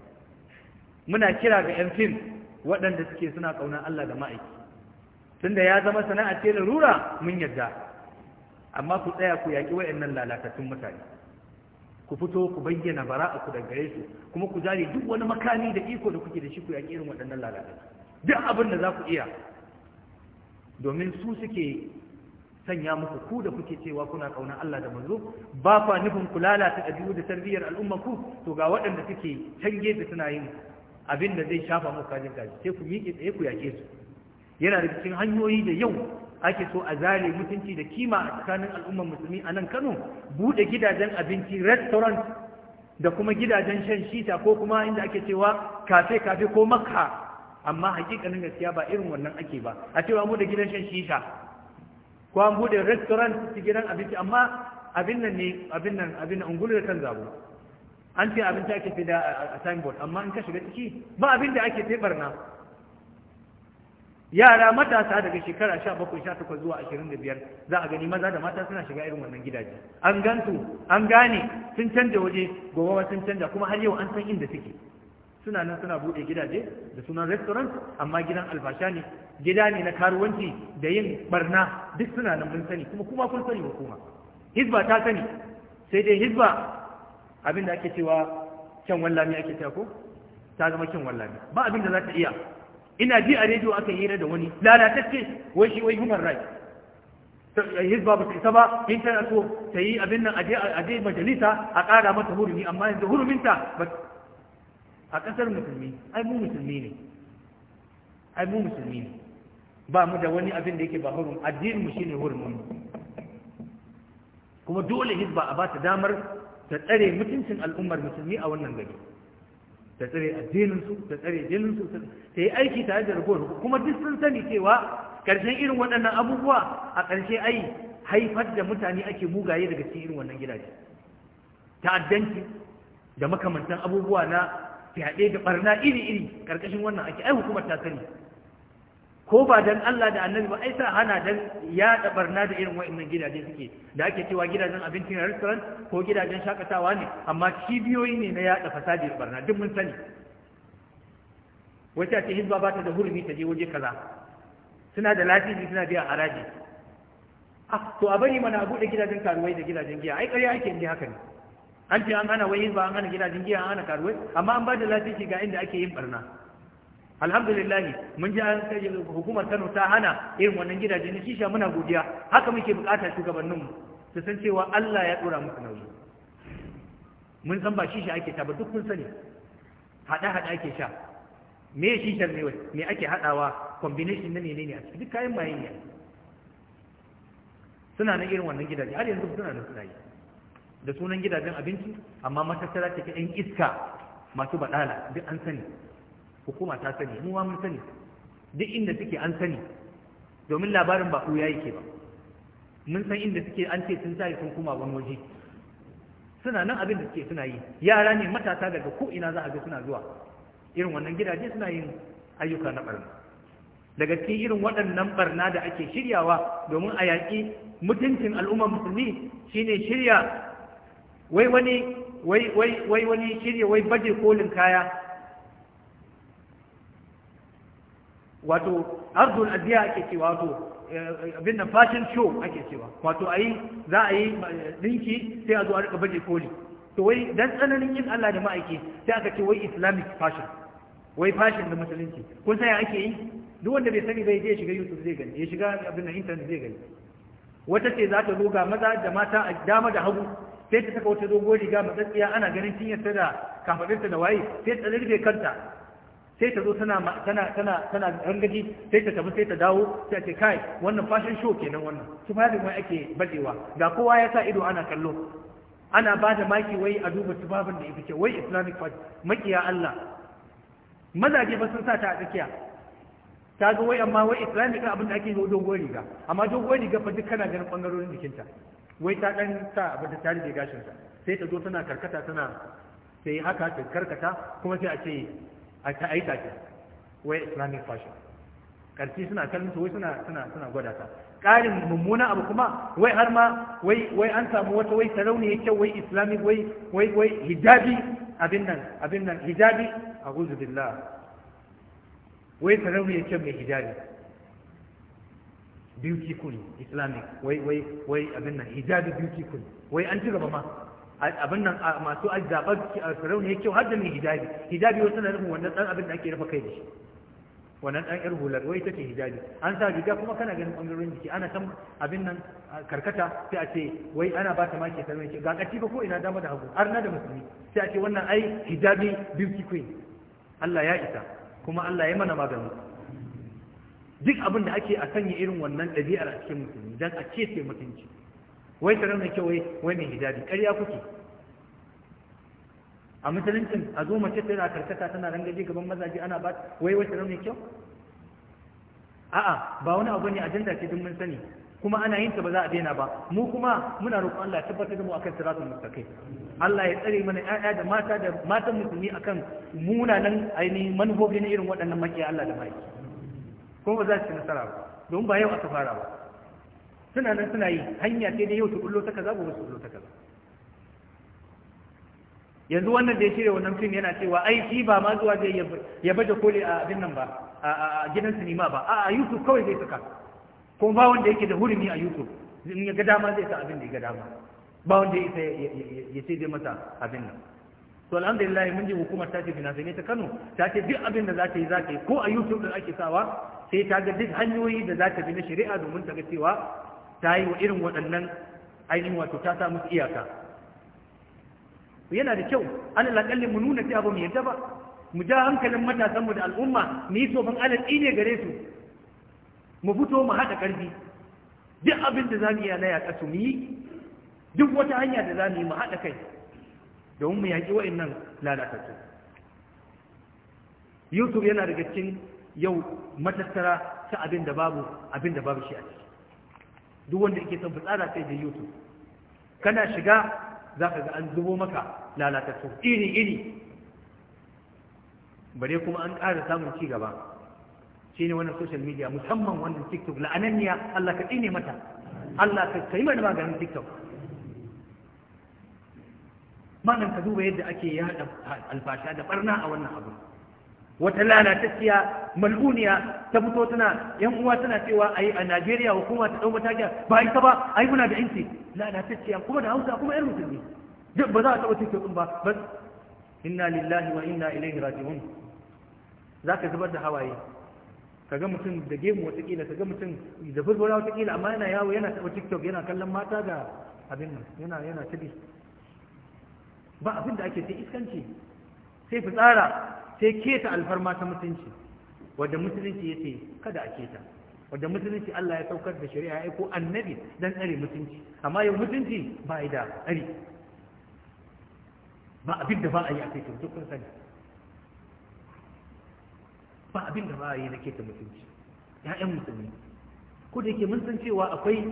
Speaker 1: muna kira ga yan fim waɗanda suke suna ƙaunar Allah da ma'aiki tunda ya zama sana'a ce rura mun yarda amma ku tsaya ku yaƙi waɗannan lalatattun mutane ku fito ku bayyana bara'a ku gare su kuma ku zare duk wani makami da iko da kuke da shi ku yaki irin waɗannan lalata duk abin da za ku iya domin su suke sanya muku ku da kuke cewa kuna kauna Allah da manzo ba fa nufin ku lalata ɗabi'u da tarbiyyar al'umma ku to ga waɗanda suke cange da suna yin abin da zai shafa muku kajin gaji sai ku miƙe tsaye ku yake su yana da cikin hanyoyi da yau ake so a zare mutunci da kima a tsakanin al'ummar musulmi a nan Kano bude gidajen abinci restaurant da kuma gidajen shan shita ko kuma inda ake cewa kafe kafe ko makka amma hakikanin gaskiya ba irin wannan ake ba a cewa mu da gidan shan shisha ko an bude restaurant su gidan abinci amma abin nan ne abin nan abin nan ungulu da kan zabo an ce abinci ake fi da a signboard amma in ka shiga ciki ba abin da ake sai barna yara matasa daga shekara 17 18 zuwa biyar za a gani maza da mata suna shiga irin wannan gidaje an gantu an gane sun canja waje gobe sun canja kuma har yau an san inda suke suna nan suna bude gidaje da suna restaurant amma gidan albasha ne gida ne na karuwanci da yin barna duk suna nan mun sani kuma kuma kun sani hukuma hizba ta sani sai dai hizba abin da ake cewa kyan wallami ake cewa ko ta zama kyan wallami ba abin da za ta iya ina ji a rediyo aka hira da wani lalatacce wai shi wai human rights hizba ba ta isa ba in tana so ta yi abin nan a je majalisa a ƙara mata hurumi amma yanzu huruminta a ƙasar musulmi ai mu musulmi ne ai mu musulmi ne ba mu da wani abin da yake ba hurum addinin mu shine hurumin kuma dole hizba a ba ta damar ta tsare mutuncin al'ummar musulmi a wannan gari ta tsare addininsu ta tsare jininsu ta yi aiki tare da ragowar kuma duk sun sani cewa karshen irin waɗannan abubuwa a ƙarshe ai haifar da mutane ake mugaye daga cikin irin wannan gidaje ta'addanci da makamantan abubuwa na fyaɗe da ɓarna iri-iri ƙarƙashin wannan ake ai hukumar ta sani ko ba dan Allah da annabi ba sa hana dan ya barna da irin wa'annan gidaje suke da ake cewa gidajen abinci na restaurant ko gidajen shakatawa ne amma cibiyoyi ne na da fasadi da barna duk mun sani wata ce hizba ba ta da hurumi ta je waje kaza suna da lafiya suna biya haraji ah to a bari mana a buɗe gidajen karuwai da gidajen giya ai ƙarya ake ne haka ne an ce an hana wai hizba an hana gidajen giya an hana karuwai amma an ba da lafiya ga inda ake yin barna alhamdulillah mun ji an kai hukumar Kano ta hana irin wannan gidaje na shisha muna godiya haka muke bukata shugabannin mu su san cewa Allah ya dora musu nauyi mun san ba shisha ake ta ba duk kun sani hada hada ake sha me shishar ne wai me ake hadawa combination na menene a cikin duk kayan mayin ne suna nan irin wannan gidaje har yanzu suna nan suna yi da sunan gidajen abinci amma matattara take ɗan iska masu baɗala duk an sani hukuma ta sani mu ma mun sani duk inda suke an sani domin labarin ba ya yake ba mun san inda suke an ce sun sai sun kuma ban waje suna nan abin da suke suna yi yara ne matasa daga ko ina za a ga suna zuwa irin wannan gidaje suna yin ayyuka na barna daga cikin irin waɗannan barna da ake shiryawa domin a yaƙi mutuncin al'ummar musulmi shine shirya wai wani wai wai wai wani shirya wai baje kolin kaya wato ardun adiya ake cewa wato eh, abin da fashion show ake cewa wato ayi za a yi eh, dinki sai a zo a rika baje koli to wai dan tsananin yin Allah da ma'aiki sai aka ce wai islamic fashion wai fashion da musulunci kun sai ake yi duk wanda bai sani bai je shiga youtube zai gani ya shiga abin nan internet zai gani wata ce za ta zo ga maza da mata a dama da hagu sai ta saka wata dogon riga matsatsiya ana ganin ta da kafadinta da waye sai ta rufe kanta sai ta zo tana tana tana tana rangaji sai ta tafi sai ta dawo sai ce kai wannan fashion show kenan wannan su fadin mai ake badewa ga kowa ya sa ido ana kallo ana ba da maki wai a duba tubabin da yake wai islamic fashion makiya Allah mazaje ba sun sa ta a tsakiya ta ga wai amma wai islamic abin da ake yi dogon riga amma dogon riga fa duk kana ganin bangarorin jikinta wai ta dan sa abin da ta rige gashin sai ta zo tana karkata tana sai haka ta karkata kuma sai a ce a ta aita ke wai islamic fashion karfi suna kallon wai suna suna suna gwada ta ƙarin mummuna abu kuma wai har ma wai wai an samu wata wai sarauni ya kyau wai islamic wai wai wai hijabi abin nan abin nan hijabi a'udhu billah wai sarauni ya kyau mai hijabi beautiful islamic wai wai wai abin nan hijabi beautiful wai an ci gaba ma abin nan masu zaɓar sarauniya kyau har da mai hijabi hijabi wasu na nufin wannan ɗan abin da ake rufa kai da shi wannan ɗan ƴar hular wai take hijabi an sa riga kuma kana ganin ɓangarorin jiki ana san abin nan karkata sai a ce wai ana ba ta maki sarmai ce ga katifa ko ina dama da hagu arna da musulmi sai a ce wannan ai hijabi beauty queen Allah ya isa kuma Allah ya mana magani duk abin da ake a sanya irin wannan ɗabi'ar a cikin musulmi dan a ce sai mutunci wai ta ranar kyau wai mai hijabi ƙarya kuke a musuluncin a zo mace tana karkata tana rangaji gaban mazaje ana ba wai wai ta ranar kyau a'a ba wani abu ne ajanda ce duk mun sani kuma ana yin ta ba za a daina ba mu kuma muna roƙon Allah ya tabbatar da mu akan siratul mustaqim Allah ya tsare mana ƴaƴa da mata da matan musulmi akan munanan ainihin manhoji na irin waɗannan makiya Allah da mai kuma ba za su ci nasara ba don ba yau aka fara ba suna nan suna yi hanya sai dai yau su kullo ta kaza gobe su kullo ta kaza yanzu wannan da ya shirya wannan film yana cewa ai shi ba ma zuwa zai ya baje koli a abin nan ba a gidan sinima ba a youtube kawai zai saka ko ba wanda yake da hurumi a youtube in ya ga dama zai sa abin da ya ga dama ba wanda ya ya ce zai masa abin nan to alhamdulillah mun ji hukumar ta ce finansai ta Kano ta ce duk abin da za ta yi za ta yi ko a youtube din ake sawa sai ta ga duk hanyoyi da za ta bi na shari'a domin ta ga cewa ta yi wa irin waɗannan ainihin wato ta sa iyaka yana da kyau ana alaƙalli mu nuna ta abu mai yadda ba mu ja hankalin matasanmu da al'umma mu yi tsofin alaƙi ne gare su mu fito mu haɗa ƙarfi duk abin da za mu iya na yaƙa su mu yi duk wata hanya da za mu yi mu haɗa kai domin mu yaƙi wa'annan lalatattu youtube yana daga cikin yau matattara ta abin da abin da babu shi a ciki duk wanda yake son fitsara sai da youtube kana shiga za ka ga an zubo maka lalatattu iri iri bare kuma an ƙara samun ci gaba shi ne wannan social media musamman wannan tiktok la'ananniya Allah ka tsine mata Allah ka kai mana maganin tiktok malam ka duba yadda ake yada albasha da barna a wannan abu wata lalatacciya mal'uniya ta fito tana yan uwa tana cewa ai a Najeriya hukuma ta dauka tagiya ba ta ba ai muna da yanci lalatacciya kuma da Hausa kuma yan ne duk ba za a taba cikin din ba bas inna lillahi wa inna ilaihi raji'un zaka zubar da hawaye kaga mutum da gemu wata kila kaga mutum da burbura wata kila amma yana yawo yana taba TikTok yana kallon mata da abin nan yana yana tabi ba abin da ake sai iskanci sai fitsara sai keta alfarma ta mutunci wadda musulunci ya ce kada a keta wadda musulunci Allah ya saukar da shari'a ya ko annabi dan tsare mutunci amma yau mutunci ba da tsari ba abin da ba a yi a kai duk kun sani ba abin da ba a yi na keta mutunci ya'yan musulmi ko da yake mun san cewa akwai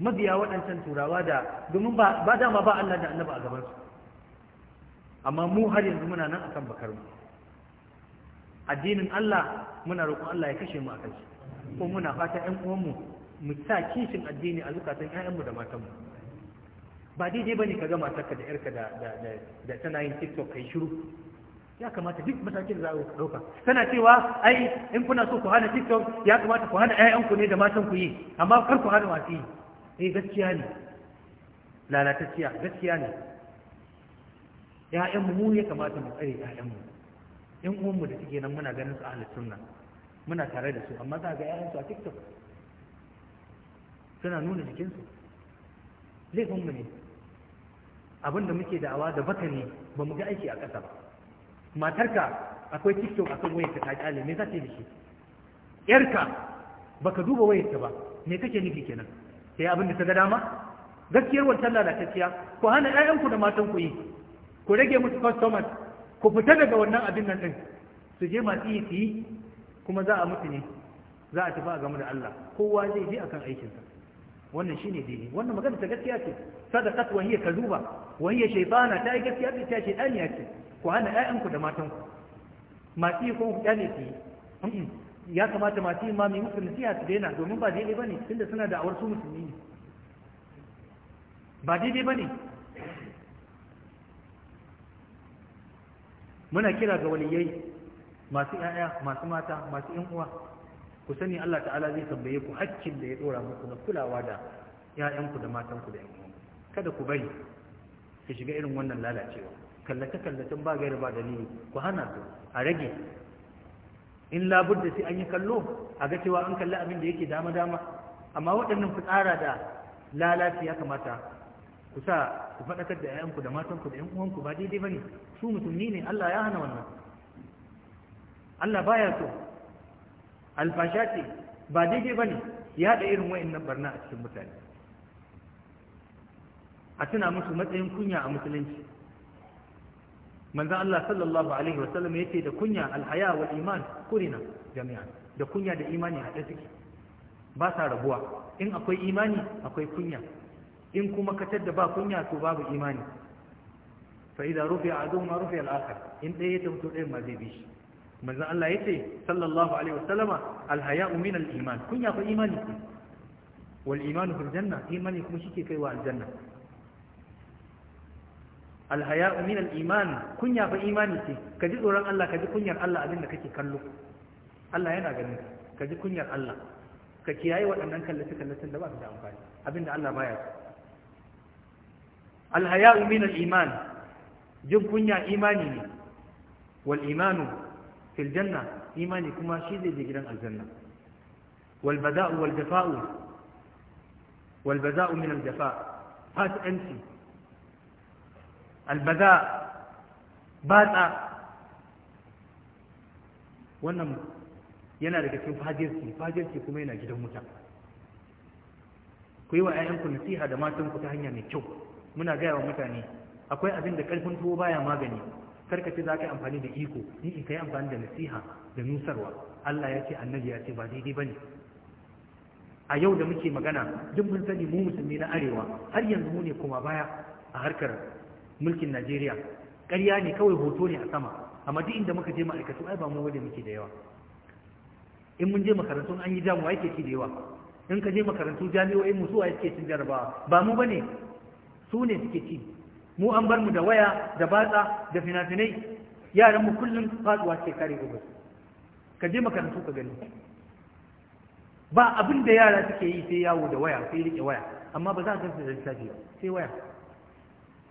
Speaker 1: mabiya waɗancan turawa da domin ba dama ba Allah da annaba a gabansu amma mu har yanzu muna nan akan bakar mu addinin Allah muna roƙon Allah ya kashe mu a kai ko muna fata ƴan uwanmu mu sa kishin addini a lokacin ƴaƴanmu da matanmu ba daidai bane ka ga matarka da ƴarka da da tana yin TikTok kai shiru ya kamata duk matakin za a ɗauka tana cewa ai in kuna so ku hana TikTok ya kamata ku hana ƴaƴanku ne da matan ku yi amma kar ku hana masu yi eh gaskiya ne lalatacciya gaskiya ne ƴaƴanmu mu ya kamata mu tsare ƴaƴanmu yan uwanmu da suke nan muna ganin su ahlus sunna muna tare da su amma za ga yayan su a tiktok suna nuna jikinsu laifinmu ne abinda muke da'awa da baka ne ba mu ga aiki a ƙasa ba matarka akwai tiktok akan wayarta ta kyale me za ta yi da shi yarka baka duba wayarta ba me kake nufi kenan sai abin da ta ga dama gaskiyar wancan lalatacciya ku hana 'ya'yanku da matan ku yi ku rage musu customers ku fita daga wannan abin nan din su je masu yi su kuma za a mutu ne za a tafi a game da Allah kowa zai je akan aikinsa wannan shine dini wannan magana ta gaskiya ce sadaqat wa hiya kazuba wa hiya shaytana ta gaskiya ce ta shaytaniya ce ku hana ƴaƴanku da matanku masu yi kuma ku kyale su ya kamata masu yi ma mai musu nasiha su daina domin ba daidai bane tunda suna da awar su musulmi ne ba daidai bane muna kira ga waliyai masu 'ya'ya, masu mata masu 'yan uwa ku sani Allah ta'ala zai tambaye ku hakkin da ya dora muku na kulawa da 'ya'yanku da matanku da ƴan kada ku bari ku shiga irin wannan lalacewa kallata-kallatan ba gaira ba dalili ku hana su a rage in da sai an yi kallo a ga cewa an kalli abin da yake dama dama amma waɗannan fitsara da lalaci ya kamata ku sa ku faɗakar da 'ya'yanku da matanku da 'yan uwanku ba daidai ba ne su musulmi ne Allah ya hana wannan Allah baya so alfasha ce ba daidai ba ne ya haɗa irin wa'in barna a cikin mutane a tuna musu matsayin kunya a musulunci manzan Allah sallallahu alaihi wasallam ya ce da kunya alhaya wa iman kurina jami'a da kunya da imani ɗaya suke ba sa rabuwa in akwai imani akwai kunya in kuma ka da ba kunya to babu imani fa rufe a aduhuma ma rufe akhar in ɗaya ya tafi ɗayan ma zai bi shi manzon Allah ya ce sallallahu alaihi wasallama al-haya'u min iman kunya fa imani ce wal iman fil janna imani kuma shike kaiwa aljanna al-haya'u min al-iman kunya fa imani ce ka ji tsoron Allah ka ji kunyar Allah abin da kake kallo Allah yana ganin ka ji kunyar Allah ka kiyaye waɗannan kallace-kallacen da ba su da amfani abinda Allah baya so الحياء من الإيمان جن كنيا إيماني والإيمان في الجنة إيماني كما شيء زي الجنة والبداء والجفاء والبداء من الجفاء هات أنت البداء بات wannan yana daga cikin fajirci fajirci kuma yana gidan wuta ku yi wa 'ya'yanku nasiha da matanku ta hanya mai kyau muna gaya wa mutane akwai abin da karfin tuwo baya magani karkace za ka yi amfani da iko ni in kai amfani da nasiha da nusarwa Allah ya ce annabi ya ce ba daidai ba ne. a yau da muke magana duk mun sani mu musulmi na arewa har yanzu mu ne kuma baya a harkar mulkin Najeriya ƙarya ne kawai hoto ne a sama amma duk inda muka je ma'aikatu ai ba mu wanda muke da yawa in mun je makarantun an yi jamu ake ci da yawa in ka je makarantu jami'o'in mu su ake cin jarabawa ba mu ba ne. su ne suke ci mu an bar mu da waya da batsa da finafinai yaran mu kullum faduwa ce kare gobe ka je makarantu ka gani ba abin da yara suke yi sai yawo da waya sai rike waya amma ba za a gansu da lissafi sai waya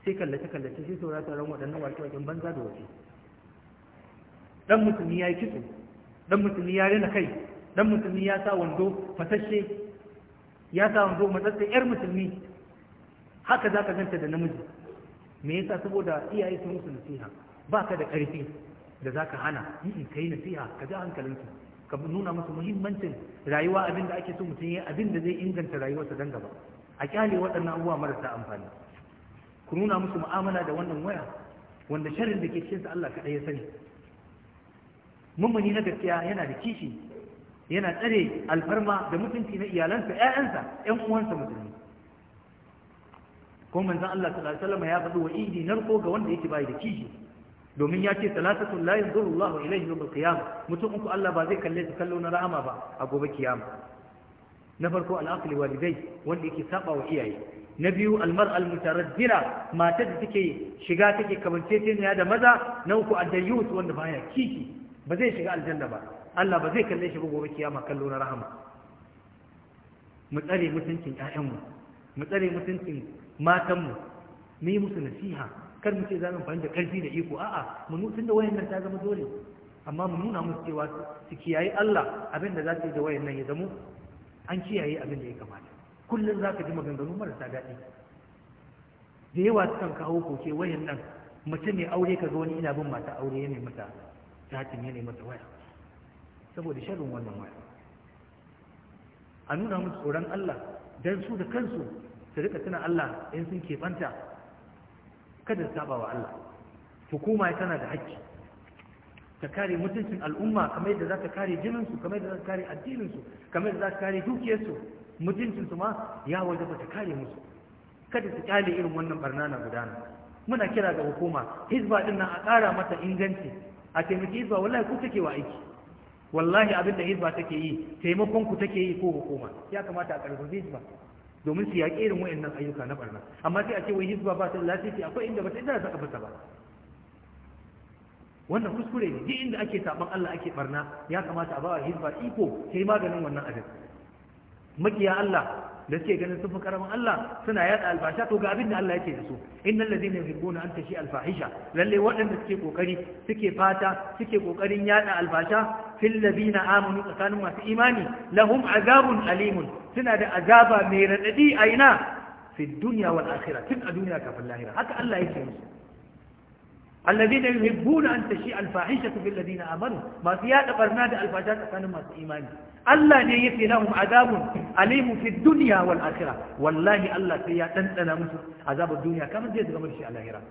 Speaker 1: sai kallace kallace sai saurata ran waɗannan wake wajen banza da wace dan mutumi ya yi kitso dan mutumi ya rena kai dan mutumi ya sa wando fasashe ya sa wando matsatsa yar musulmi haka za ka ganta da namiji me yasa saboda iyaye sun musu nasiha ba ka da ƙarfi da za ka hana in ka yi nasiha ka ji hankalinsu ka nuna musu muhimmancin rayuwa abin da ake so mutum ya abin da zai inganta rayuwarsa don gaba a kyale waɗannan abubuwa marasa amfani ku nuna musu mu'amala da wannan waya wanda sharrin da ke cikin sa Allah kaɗai ya sani mummuni na gaskiya yana da kishi yana tsare alfarma da mutunci na iyalansa ƴaƴansa ƴan uwansa musulmi ko manzan Allah sallallahu alaihi wasallam ya faɗi wa idi narko ga wanda yake bai da kishi domin ya ce talatatu la yanzuru Allahu ilayhi yawm al-qiyamah mutum uku Allah ba zai kalle su kallo na rahama ba a gobe kiyama na farko al-aqli walidai wanda yake saba wa iyaye na biyu almar almutaraddira matar da take shiga take kamance ya da maza na uku addayyus wanda baya kiki ba zai shiga aljanna ba Allah ba zai kalle shi ba gobe kiyama kallo na rahama mu tsare mutuncin ƴaƴanmu mu tsare mutuncin matanmu mu yi musu nasiha kar mu ce za mu fahimta da ƙarfi da iko a'a mu nutun da wayannan ta zama dole amma mu nuna musu cewa su kiyaye Allah abin da za su yi da wayannan ya zamo an kiyaye abin da ya kamata kullum za ka ji maganganu marasa daɗi da yawa sukan kawo koke wayannan mace mai aure ka zo wani ina bin mata aure ya nemi mata zatin ya mata waya saboda sharrin wannan waya a nuna musu tsoron Allah dan su da kansu su rika tuna Allah in sun keɓanta kada su saba wa Allah hukuma tana da haƙƙi ta kare mutuncin al'umma kamar yadda za ta kare jininsu kamar yadda za ta kare addininsu kamar yadda za ta kare dukiyarsu mutuncinsu ma ya waje ba ta kare musu kada su kyale irin wannan barna na gudana muna kira ga hukuma hizba din nan a ƙara mata inganci a taimaki hizba wallahi ku take wa aiki wallahi abin da hizba take yi taimakon ku take yi ko hukuma ya kamata a ƙarfafi hizba domin su yaƙi irin wayannan ayyuka na barna amma sai a ce wai hizba ba ta lafiya akwai inda ba ta inda za ka fita ba wannan kuskure ne duk inda ake saban Allah ake barna ya kamata a ba hizba iko sai maganin wannan abin makiya Allah da suke ganin sun fi karamin Allah suna yada albasha to ga abin da Allah yake da su innal ladina yuhibbuna an tashi alfahisha lalle waɗanda suke kokari suke fata suke kokarin yada albasha na amanu tsakanin masu imani lahum azabun alimun suna da azaba mai radadi a ina fi duniya wal tun a duniya kafin lahira haka Allah yake musu alladina yuhibbuna an tashi al fahishatu fil ladina amanu ma fi yada barna da al fahisha tsakanin masu imani Allah ne yake lahum azabun alim fi duniya wal wallahi Allah sai ya dandana musu azabun duniya kamar zai zama shi a lahira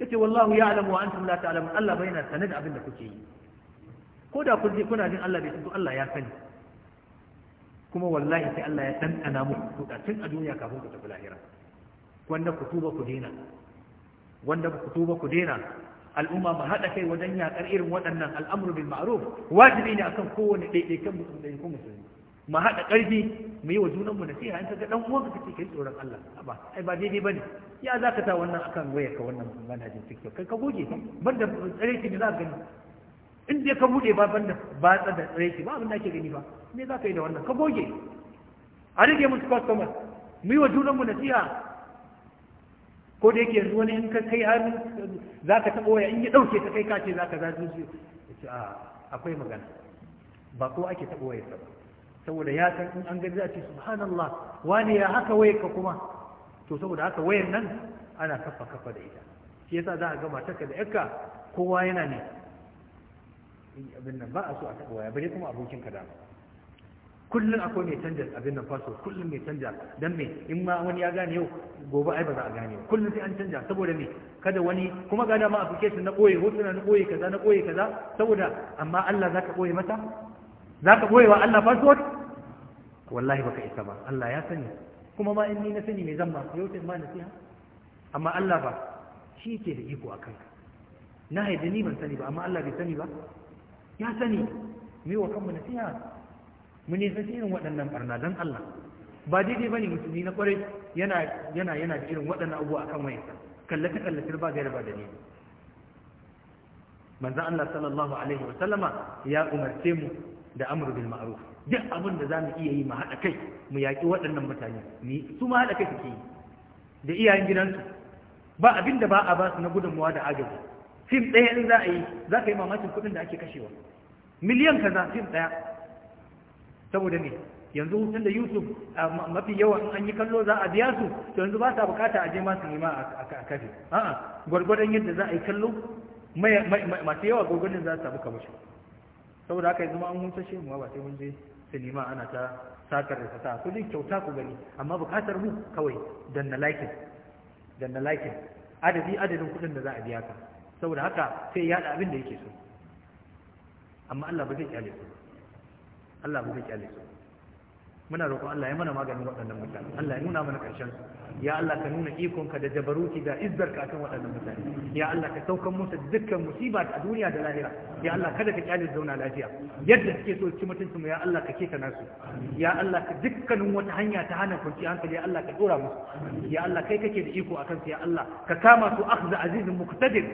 Speaker 1: yace wallahu ya'lamu wa antum la ta'lamun Allah bayyana sanad abin da kuke yi ko da kun je kuna jin Allah bai san to Allah ya sani kuma wallahi sai Allah ya ɗanɗana muku kuɗa tun a duniya kafin ku tafi lahira wanda ku tuba ku daina wanda ku tuba ku daina al'umma mu haɗa kai wajen yaƙar irin waɗannan al'amuru bil ma'ruf wajibi ne akan kowane ɗaiɗaikan musulmi ko musulmi mu haɗa ƙarfi mu yi wa junan mu nasiha in kaga dan uwan ka kace kai tsoron Allah ba ai ba daidai bane ya zaka ta wannan akan waya ka wannan manhajin TikTok kai ka goge banda tsare ki ne za ka gani in dai ka bude ba banda ba tsada tsare shi ba abin da ake gani ba me za ka yi da wannan ka goge a rage musu customer mu yi wa junanmu nasiha ko da yake yanzu wani in ka kai har za ka taɓa ya in ya ɗauke ta kai kace za ka za su ce a akwai magana ba ko ake taɓa ya ba saboda ya san in an gaji a ce subhanallah wani ya haka waye ka kuma to saboda haka wayan nan ana kafa kafa da ita shi yasa za a gama taka da yakka kowa yana ne abin nan ba a so a taɓa waya bare kuma abokin ka dama kullum akwai mai canja abin nan faso kullum mai canja don me in ma wani ya gane yau gobe ai ba za a gane kullum sai an canja saboda me kada wani kuma ga dama application na ɓoye hotuna na ɓoye kaza na ɓoye kaza saboda amma Allah zaka ɓoye mata zaka ɓoye wa Allah faso wallahi baka isa ba Allah ya sani kuma ma in ni na sani me zan ma yau sai ma nasiha amma Allah ba shi ke da iko a kanka na ni ban sani ba amma Allah bai sani ba ya sani mai wa kanmu nasiha mu nisa irin waɗannan barna don Allah ba daidai bane musulmi na ƙwarai yana yana yana da irin waɗannan abubuwa kan wayarsa kallata kallata ba gaira ba da dalili manzo Allah sallallahu alaihi wa sallama ya umarce mu da amru bil ma'ruf duk abin da zamu iya yi mu haɗa kai mu yaƙi waɗannan mutane ni su ma haɗa kai suke yi da iyayen gidansu ba abin da ba a ba su na gudunmuwa da agaji fim ɗaya in za a yi za ka yi mamakin kuɗin da ake kashewa miliyan kaza fim ɗaya saboda ne yanzu hutun da yusuf mafi yawa an yi kallo za a biya su to yanzu ba sa bukata a je ma su nema a kafe a'a gwargwadon yadda za a yi kallo masu yawa gwargwadon za su samu kamar saboda haka yanzu ma an hutar shi ba sai mun je sinima ana ta sakar da fata ku kyauta ku gani amma bukatar mu kawai dan likin adadi adadin kuɗin da za a biya ka saboda haka sai ya abin da yake so amma Allah ba zai kyale su Allah ba zai kyale su muna roƙon Allah ya mana maganin waɗannan mutane Allah ya nuna mana ƙarshen su ya Allah ka nuna ikonka da jabaruki da izzarka kan waɗannan mutane ya Allah ka saukan musu dukkan musiba a duniya da lahira ya Allah kada ka kyale zauna lafiya yadda suke so ci mutuncin mu ya Allah ka keta nasu ya Allah ka dukkanin wata hanya ta hana kunci hankali ya Allah ka dora musu ya Allah kai kake da iko akan su ya Allah ka kama su akhza azizin muqtadir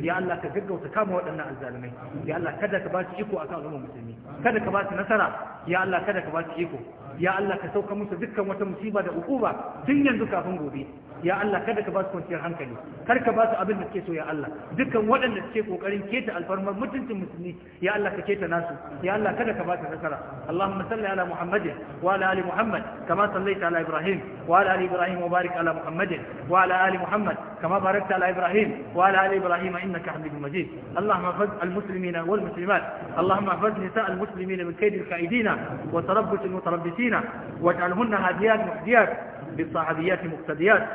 Speaker 1: ya Allah ka gaggauta kama waɗannan azzalumai ya Allah kada ka ba su iko akan al'ummar musulmi kada ka ba su nasara ya Allah kada ka ba su iko ya Allah ka sauka musu dukkan wata musiba da ukuba tun yanzu kafin gobe ya Allah kada ka ba su kwanciyar hankali kar ka ba su abin da suke so ya Allah dukkan waɗanda suke kokarin keta alfarmar mutuncin musulmi ya Allah ka keta nasu ya Allah kada ka ba su nasara Allahumma salli ala Muhammadin wa ala ali Muhammad kama sallaita ala Ibrahim wa ala ali Ibrahim wa barik ala Muhammadin wa ala ali Muhammad kama barakta ala Ibrahim wa ala ali Ibrahim innaka Hamidum Majid Allahumma ihfaz al-muslimina wal muslimat Allahumma ihfaz nisa al-muslimina min kayd kaidina wa tarabbut al-mutarabbit مؤمنين واجعلهن هاديات مهديات للصحابيات مقتديات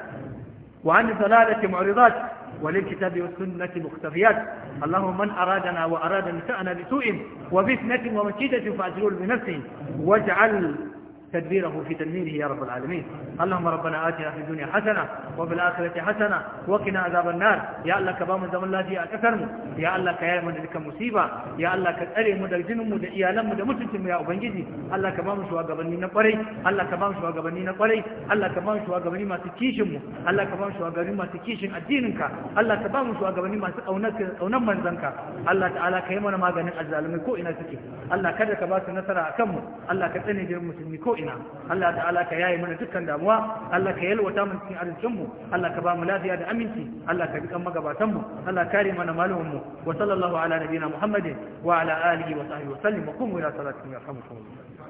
Speaker 1: وعن ثلاثة معرضات وللكتاب والسنة مختفيات اللهم من أرادنا وأراد نساءنا بسوء وفتنة ومشيدة فأجلول بنفسه واجعل تدبيره في تدميره يا رب العالمين اللهم ربنا آتنا في الدنيا حسنة وفي الآخرة حسنة وقنا عذاب النار يا الله كبام زمن الله دي أكثر يا الله كيا من ذلك مصيبة يا الله كتأري مدرجين مد إيالم مد مسلم يا أبنجدي الله كبام شو أقبلني نقري الله كبام شو أقبلني نقري الله كبام شو أقبلني ما تكيشمو الله كبام شو أقبلني ما تكيشن الدينك الله كبام شو أقبلني ما أونك أونم من ذنك الله تعالى كيا من ما جنك الزالم كو إنا تكي الله كذا كباس نصر أكمل الله كتأني جرم مسلم كو ina Allah ta'ala ka yaye mana dukkan damuwa Allah ka yalwata mana cikin Arzikinmu, Allah ka ba mu lafiya da aminci Allah ka dukan Magabatanmu, Allah kare mana malumin wa sallallahu ala nabiyina Muhammadin wa ala alihi wa sahbihi wa sallim wa qumu ila salatikum yarhamukum